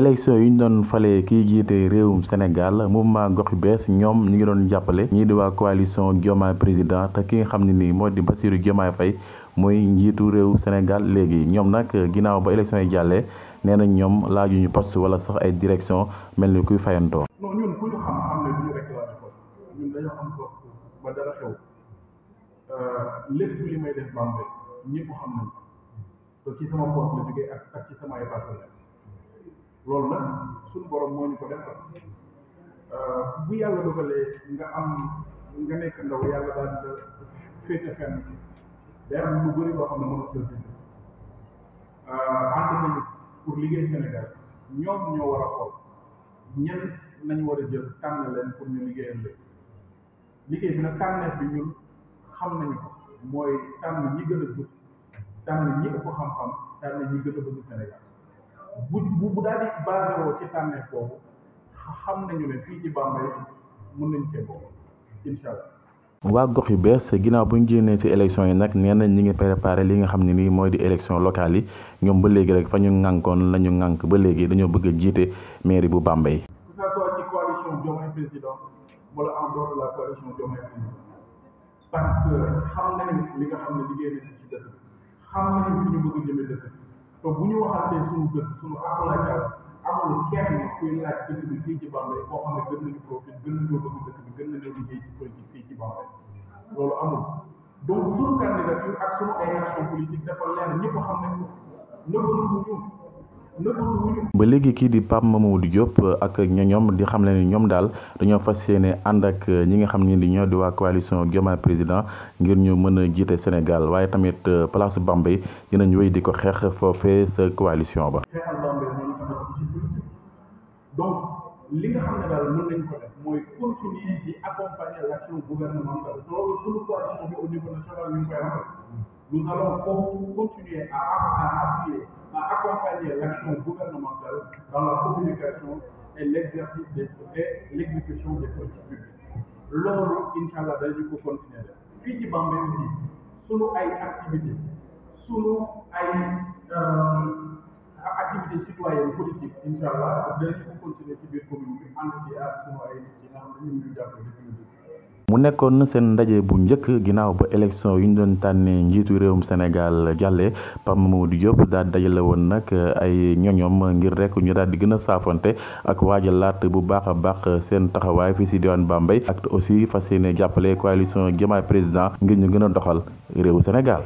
élection yi ñu doon falee kii jiite réewum Sénégal mouvement gox yu bees ñoom ñu ngi doon jàppale ñii di waa coalition Diomaye président te ki nga xam ne nii moo di Bassirou Diomaye fay mooy njiitu réew Sénégal léegi ñoom nag ginnaaw ba élection yi jàllee nee nañ ñoom laajuñu poste wala sox ay direction mel ni kuy fayantoo. loolu nag suñu borom moo ñu ko defal euh, bu yàlla dogalee nga am nga nekk ndaw yàlla daal di la féete fenn day am lu bëri loo xam ne mën a tëdd euh, ànd nañu pour liggéey Sénégal ñoom ñoo war a xool ñan nañ war a jël tànn leen pour ñu liggéeyal leen liggéey bi nag tànneef bi ñun xam nañu ko mooy tànn ñi gën a jub tànn ñi ëpp xam a bu bu waa gox yu bees ginnaaw bu ñu génnee ci élection yi nag nee nañ ñi ngi préparé li nga xam ne nii mooy di élection locale yi ñoom ba léegi rek fa ñu ŋànkoon la ñu ba léegi dañoo bëgg a jiite mairie bu Bambey. te bu ñu waxantee suñu dëkk suñu aklacal amul kenn kuy laaj dëkk bi fii ci Bambey koo xam ne gën nañu profil gën nañoo bëgg dëkk bi gën nañoo liggéey ci politique fii ci Bambey loolu amul donc suñu candidature ak suñu ay action politique dafa leer ñëpp xam ne nëbbaluñu ñun ba léegi kii di Pape di Diop ak ñoom di xam leen ñoom daal dañoo fas yéene ànd ak ñi nga xam ne di ñoo di waa coalition Président ngir ñu mën a jiite Sénégal waaye tamit euh, place Bambey dinañ wéy di ko xeex foofee sa coalition ba. accompagner l'action gouvernementale dans la communication et l'exercice des et l'exécution des politiques publiques loolu incha allah dañu ko continuer def fii ci Bambey sunu ay activités sunu ay euh, activités citoyennes politique incha allah dañu ko continuer ci biir commune bi ànd ci ak sunu ay nit yi nga xam ne ñun ñu jàpp mu nekkoon seen ndaje bu njëkk ginnaaw ba élection yu ñu doon tànnee njiitu réewum Sénégal jàlle Pape Mamadou Diop daal dajale woon nag ay ñoñoom ngir rek ñu daal di gën a saafante ak laat bu baax a baax seen taxawaay fii si diwaan Bambey ak aussi fas yéene jàppale coalition Diomaye Président ngir ñu gën a doxal réewu Sénégal